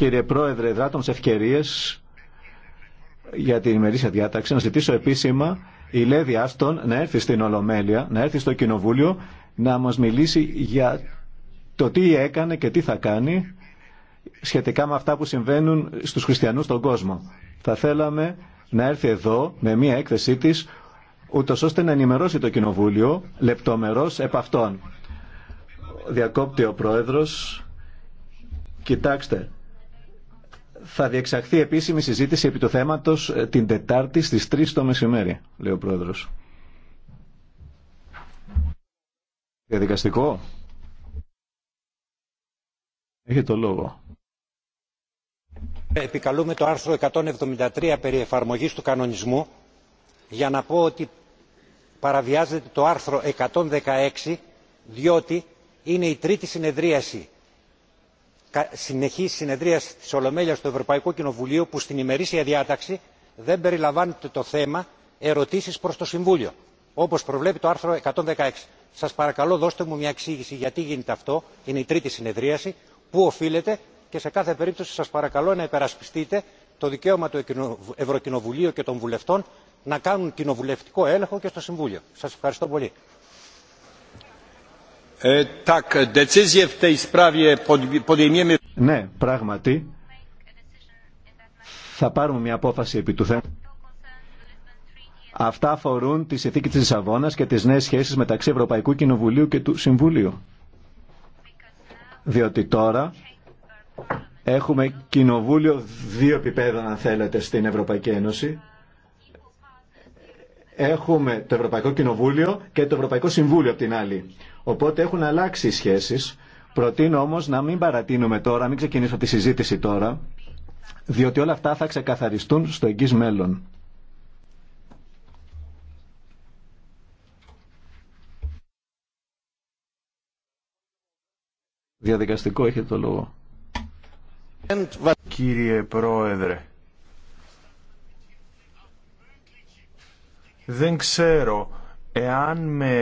Κύριε Πρόεδρε, δράτων σε ευκαιρίες για την ημερήσια διάταξη να ζητήσω επίσημα η Λέδη Άστον να έρθει στην Ολομέλεια, να έρθει στο Κοινοβούλιο να μας μιλήσει για το τι έκανε και τι θα κάνει σχετικά με αυτά που συμβαίνουν στους χριστιανούς στον κόσμο. Θα θέλαμε να έρθει εδώ με μία έκθεσή της ούτω ώστε να ενημερώσει το Κοινοβούλιο λεπτομερώς επ' αυτών. Διακόπτει ο Πρόεδρος. Κοιτάξτε, θα διεξαχθεί επίσημη συζήτηση επί του θέματος ε, την Τετάρτη στις 3 το μεσημέρι, λέει ο Πρόεδρος. Διαδικαστικό. Έχει το λόγο. Επικαλούμε το άρθρο 173 περί εφαρμογής του κανονισμού για να πω ότι παραβιάζεται το άρθρο 116 διότι είναι η τρίτη συνεδρίαση συνεχή συνεδρίαση τη ολομέλειας του ευρωπαϊκού κοινοβουλίου που στην ημερήσια διάταξη δεν περιλαμβάνεται το θέμα ερωτήσει προ το συμβούλιο όπω προβλέπει το άρθρο. 116. Σα παρακαλώ δώστε μου μια εξήγηση γιατί γίνεται αυτό, είναι η τρίτη συνεδρίαση, πού οφείλεται και σε κάθε περίπτωση σα παρακαλώ να υπερασπιστείτε το δικαίωμα του Ευρωκοινοβουλίου και των βουλευτών να κάνουν κοινοβουλευτικό έλεγχο και στο Συμβούλιο. Σα ευχαριστώ πολύ. Ε, ναι, πράγματι θα πάρουμε μια απόφαση επί του θέματος. Αυτά αφορούν τη συνθήκη της Λισαβόνας και τις νέες σχέσεις μεταξύ Ευρωπαϊκού Κοινοβουλίου και του Συμβουλίου. Διότι τώρα έχουμε κοινοβούλιο δύο επιπέδων αν θέλετε στην Ευρωπαϊκή Ένωση Έχουμε το Ευρωπαϊκό Κοινοβούλιο και το Ευρωπαϊκό Συμβούλιο από την άλλη. Οπότε έχουν αλλάξει οι σχέσεις. Προτείνω όμως να μην παρατείνουμε τώρα, μην ξεκινήσω τη συζήτηση τώρα, διότι όλα αυτά θα ξεκαθαριστούν στο εγγύς μέλλον. Διαδικαστικό έχετε το λόγο. Κύριε Πρόεδρε, Δεν ξέρω εάν με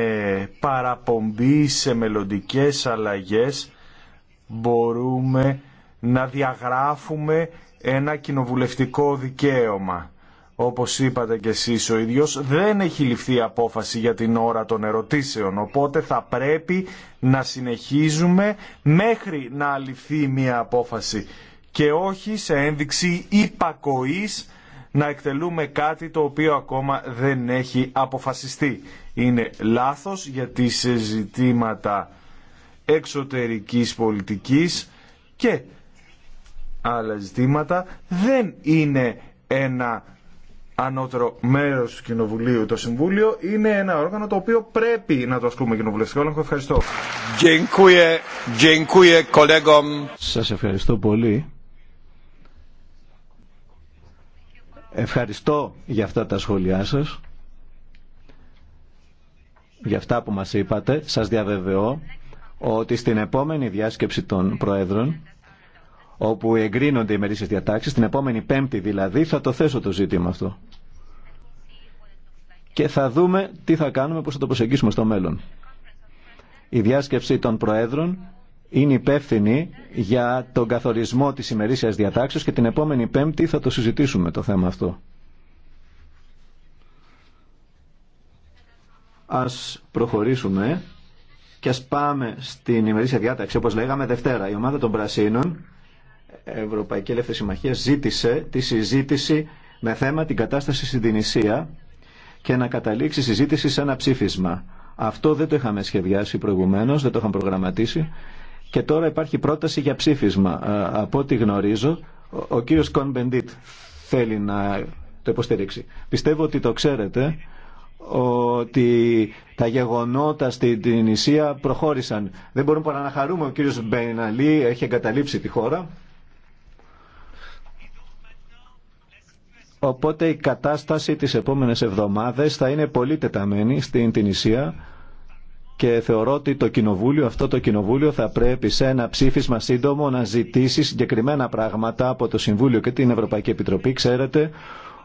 παραπομπή σε μελλοντικέ αλλαγές μπορούμε να διαγράφουμε ένα κοινοβουλευτικό δικαίωμα. Όπως είπατε και εσείς ο ίδιος, δεν έχει ληφθεί απόφαση για την ώρα των ερωτήσεων, οπότε θα πρέπει να συνεχίζουμε μέχρι να ληφθεί μια απόφαση και όχι σε ένδειξη υπακοής να εκτελούμε κάτι το οποίο ακόμα δεν έχει αποφασιστεί. Είναι λάθος γιατί σε ζητήματα εξωτερικής πολιτικής και άλλα ζητήματα δεν είναι ένα ανώτερο μέρος του Κοινοβουλίου το Συμβούλιο είναι ένα όργανο το οποίο πρέπει να το ασκούμε κοινοβουλευτικό έλεγχο. Ευχαριστώ. Σας ευχαριστώ πολύ. Ευχαριστώ για αυτά τα σχόλιά σας, για αυτά που μας είπατε. Σας διαβεβαιώ ότι στην επόμενη διάσκεψη των Προέδρων, όπου εγκρίνονται οι μερίσες διατάξεις, την επόμενη πέμπτη δηλαδή, θα το θέσω το ζήτημα αυτό. Και θα δούμε τι θα κάνουμε, πώς θα το προσεγγίσουμε στο μέλλον. Η διάσκεψη των Προέδρων είναι υπεύθυνη για τον καθορισμό της ημερήσιας διατάξεως και την επόμενη πέμπτη θα το συζητήσουμε το θέμα αυτό. Ας προχωρήσουμε και ας πάμε στην ημερήσια διάταξη. Όπως λέγαμε Δευτέρα, η ομάδα των Πρασίνων, Ευρωπαϊκή Ελεύθερη Συμμαχία, ζήτησε τη συζήτηση με θέμα την κατάσταση στην Τινησία και να καταλήξει συζήτηση σε ένα ψήφισμα. Αυτό δεν το είχαμε σχεδιάσει προηγουμένως, δεν το είχαμε προγραμματίσει και τώρα υπάρχει πρόταση για ψήφισμα. Από ό,τι γνωρίζω, ο κύριος Μπεντίτ θέλει να το υποστηρίξει. Πιστεύω ότι το ξέρετε ότι τα γεγονότα στην νησία προχώρησαν. Δεν μπορούμε παρά να χαρούμε. Ο κύριος Μπεναλή έχει εγκαταλείψει τη χώρα. Οπότε η κατάσταση τις επόμενες εβδομάδες θα είναι πολύ τεταμένη στην Τινησία και θεωρώ ότι το κοινοβούλιο, αυτό το κοινοβούλιο θα πρέπει σε ένα ψήφισμα σύντομο να ζητήσει συγκεκριμένα πράγματα από το Συμβούλιο και την Ευρωπαϊκή Επιτροπή. Ξέρετε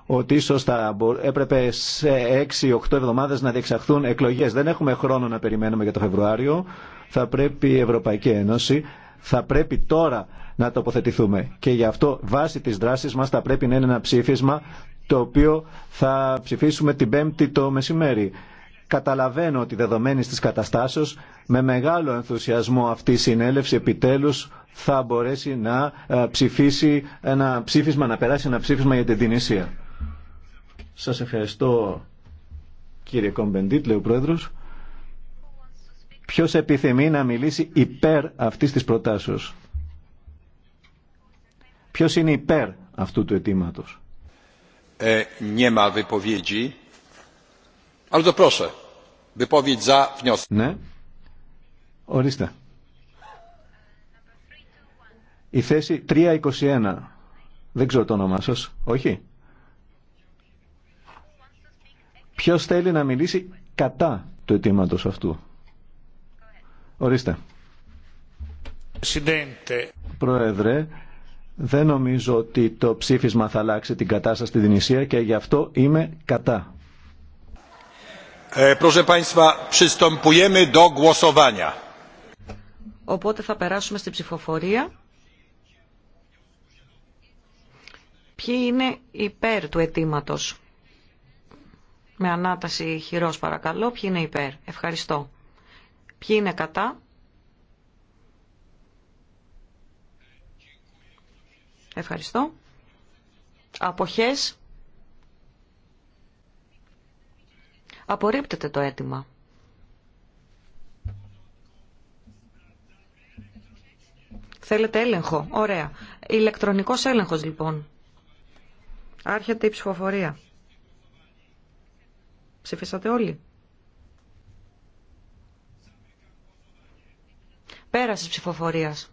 ότι ίσω θα έπρεπε σε 6-8 εβδομάδε να διεξαχθούν εκλογέ. Δεν έχουμε χρόνο να περιμένουμε για το Φεβρουάριο. Θα πρέπει η Ευρωπαϊκή Ένωση, θα πρέπει τώρα να τοποθετηθούμε. Και γι' αυτό βάσει τη δράση μα θα πρέπει να είναι ένα ψήφισμα το οποίο θα ψηφίσουμε την Πέμπτη το μεσημέρι. Καταλαβαίνω ότι δεδομένης της καταστάσεως με μεγάλο ενθουσιασμό αυτή η συνέλευση επιτέλους θα μπορέσει να ε, ψηφίσει ένα ψήφισμα, να περάσει ένα ψήφισμα για την Τινησία. Σας ευχαριστώ κύριε Κομπεντήτ, λέει ο Πρόεδρος. Ποιος επιθυμεί να μιλήσει υπέρ αυτής της προτάσεως. Ποιος είναι υπέρ αυτού του αιτήματος. Ε, ναι. Ορίστε. Η θέση 321. Δεν ξέρω το όνομά σας. Όχι. Ποιος θέλει να μιλήσει κατά του αιτήματο αυτού. Ορίστε. Πρόεδρε, δεν νομίζω ότι το ψήφισμα θα αλλάξει την κατάσταση στην Ισία και γι' αυτό είμαι κατά. E, Οπότε θα περάσουμε στην ψηφοφορία. Ποιοι είναι υπέρ του αιτήματο. Με ανάταση χειρός παρακαλώ. Ποιοι είναι υπέρ. Ευχαριστώ. Ποιοι είναι κατά. Ευχαριστώ. Αποχές. Απορρίπτεται το αίτημα. Θέλετε έλεγχο. Ωραία. Ηλεκτρονικός έλεγχος λοιπόν. Άρχεται η ψηφοφορία. Ψηφίσατε όλοι. Πέραση ψηφοφορίας.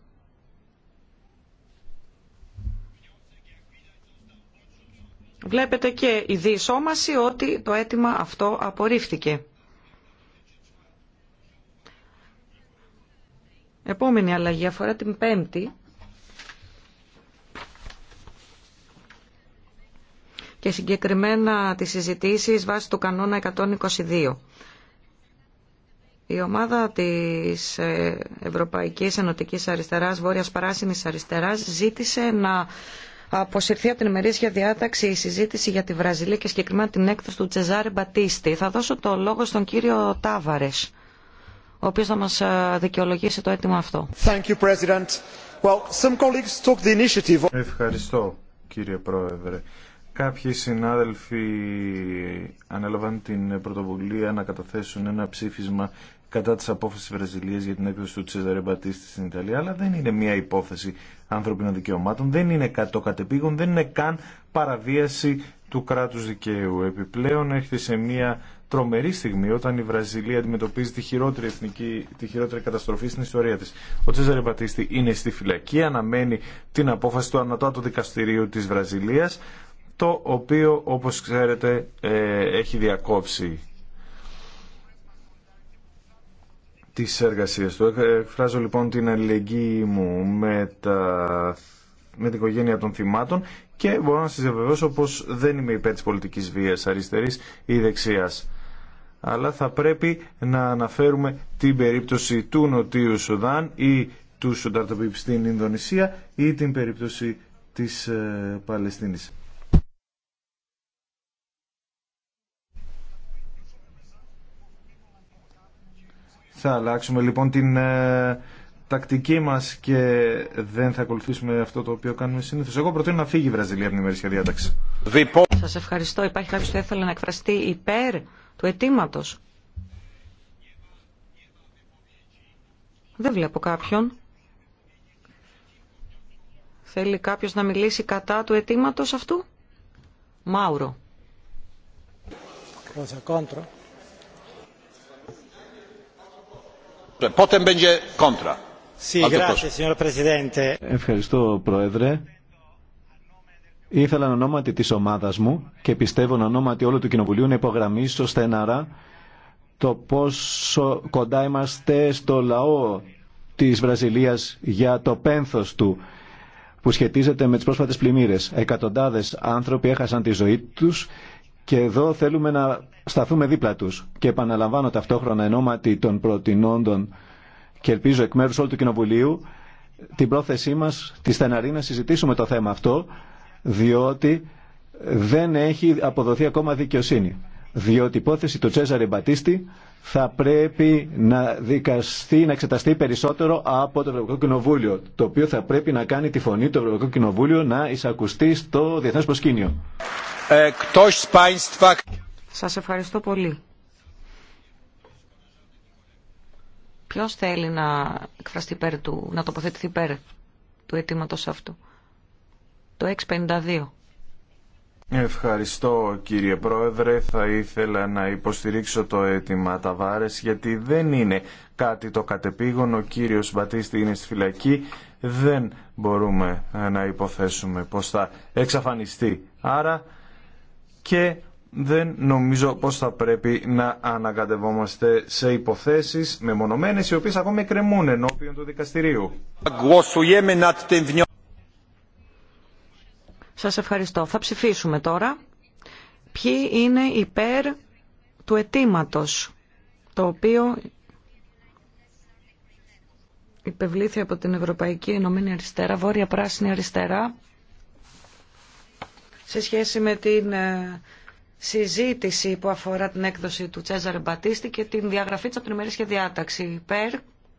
Βλέπετε και η διεισόμαση ότι το αίτημα αυτό απορρίφθηκε. Επόμενη αλλαγή αφορά την πέμπτη. και συγκεκριμένα τις συζητήσεις βάσει του κανόνα 122. Η ομάδα της ε, Ευρωπαϊκής Ενωτικής Αριστεράς, Βόρειας Παράσινης Αριστεράς, ζήτησε να αποσυρθεί από την ημερήσια διάταξη η συζήτηση για τη Βραζιλία και συγκεκριμένα την έκθεση του Τσεζάρη Μπατίστη. Θα δώσω το λόγο στον κύριο Τάβαρε, ο οποίος θα μα ε, δικαιολογήσει το αίτημα αυτό. Ευχαριστώ, κύριε Πρόεδρε. Κάποιοι συνάδελφοι ανέλαβαν την πρωτοβουλία να καταθέσουν ένα ψήφισμα κατά τη απόφαση της Βραζιλίας για την έκδοση του Τσέζαρε Μπατίστη στην Ιταλία, αλλά δεν είναι μια υπόθεση ανθρωπίνων δικαιωμάτων, δεν είναι το κατεπήγον, δεν είναι καν παραβίαση του κράτου δικαίου. Επιπλέον έρχεται σε μια τρομερή στιγμή όταν η Βραζιλία αντιμετωπίζει τη χειρότερη, εθνική, τη χειρότερη καταστροφή στην ιστορία τη. Ο Τσέζαρε Μπατίστη είναι στη φυλακή, αναμένει την απόφαση του Ανατάτου Δικαστηρίου τη Βραζιλία, το οποίο όπως ξέρετε ε, έχει διακόψει της του. Ε, εκφράζω λοιπόν την αλληλεγγύη μου με, τα... την οικογένεια των θυμάτων και μπορώ να σας διαβεβαιώσω πως δεν είμαι υπέρ της πολιτικής βίας αριστερής ή δεξιάς. Αλλά θα πρέπει να αναφέρουμε την περίπτωση του Νοτίου Σουδάν ή του Σουνταρτοπίπ στην Ινδονησία ή την περίπτωση της ε, Παλαιστίνης. Θα αλλάξουμε λοιπόν την ε, τακτική μας και δεν θα ακολουθήσουμε αυτό το οποίο κάνουμε συνήθω. Εγώ προτείνω να φύγει η Βραζιλία από την ημερήσια διάταξη. Σας ευχαριστώ. Υπάρχει κάποιο που ήθελε να εκφραστεί υπέρ του αιτήματο. Δεν βλέπω κάποιον. Θέλει κάποιος να μιλήσει κατά του αιτήματο αυτού. Μάουρο. Ευχαριστώ, Πρόεδρε. Ήθελα ονόματι της ομάδας μου και πιστεύω ονόματι όλου του Κοινοβουλίου να υπογραμμίσω στεναρά το πόσο κοντά είμαστε στο λαό της Βραζιλίας για το πένθος του που σχετίζεται με τις πρόσφατες πλημμύρες. Εκατοντάδες άνθρωποι έχασαν τη ζωή τους και εδώ θέλουμε να σταθούμε δίπλα τους. Και επαναλαμβάνω ταυτόχρονα ενώματι των προτινόντων και ελπίζω εκ μέρους όλου του Κοινοβουλίου την πρόθεσή μας τη στεναρή να συζητήσουμε το θέμα αυτό διότι δεν έχει αποδοθεί ακόμα δικαιοσύνη διότι η υπόθεση του Τσέζαρη Μπατίστη θα πρέπει να δικαστεί, να εξεταστεί περισσότερο από το Ευρωπαϊκό Κοινοβούλιο, το οποίο θα πρέπει να κάνει τη φωνή του Ευρωπαϊκού Κοινοβούλιο να εισακουστεί στο διεθνές προσκήνιο. Σας ευχαριστώ πολύ. Ποιος θέλει να εκφραστεί πέρα του, να τοποθετηθεί πέρα του αιτήματο αυτού. Το 652. Ευχαριστώ κύριε Πρόεδρε. Θα ήθελα να υποστηρίξω το αίτημα Ταβάρες γιατί δεν είναι κάτι το κατεπήγον. Ο κύριος Μπατίστη είναι στη φυλακή. Δεν μπορούμε ε, να υποθέσουμε πως θα εξαφανιστεί. Άρα και δεν νομίζω πως θα πρέπει να ανακατευόμαστε σε υποθέσεις μεμονωμένες οι οποίες ακόμη κρεμούν ενώπιον του δικαστηρίου. Σας ευχαριστώ. Θα ψηφίσουμε τώρα. Ποιοι είναι υπέρ του αιτήματο το οποίο υπευλήθη από την Ευρωπαϊκή Ενωμένη Αριστερά, Βόρεια Πράσινη Αριστερά, σε σχέση με την ε, συζήτηση που αφορά την έκδοση του Τσέζαρ Μπατίστη και την διαγραφή της από την διάταξη. Υπέρ,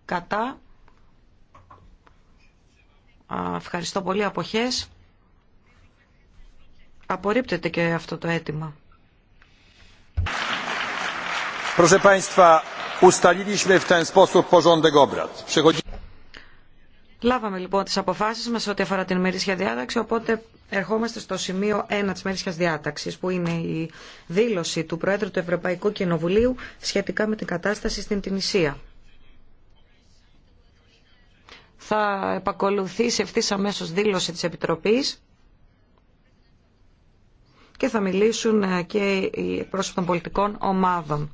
κατά, Α, ευχαριστώ πολύ, αποχές. Απορρίπτεται και αυτό το αίτημα. Λάβαμε λοιπόν τις αποφάσεις μας ό,τι αφορά την μερίσια διάταξη, οπότε ερχόμαστε στο σημείο 1 της μερίσιας διάταξης, που είναι η δήλωση του Πρόεδρου του Ευρωπαϊκού Κοινοβουλίου σχετικά με την κατάσταση στην Τινησία. Θα επακολουθήσει ευθύ αμέσω δήλωση της Επιτροπής και θα μιλήσουν ε, και οι πρόσωποι των πολιτικών ομάδων.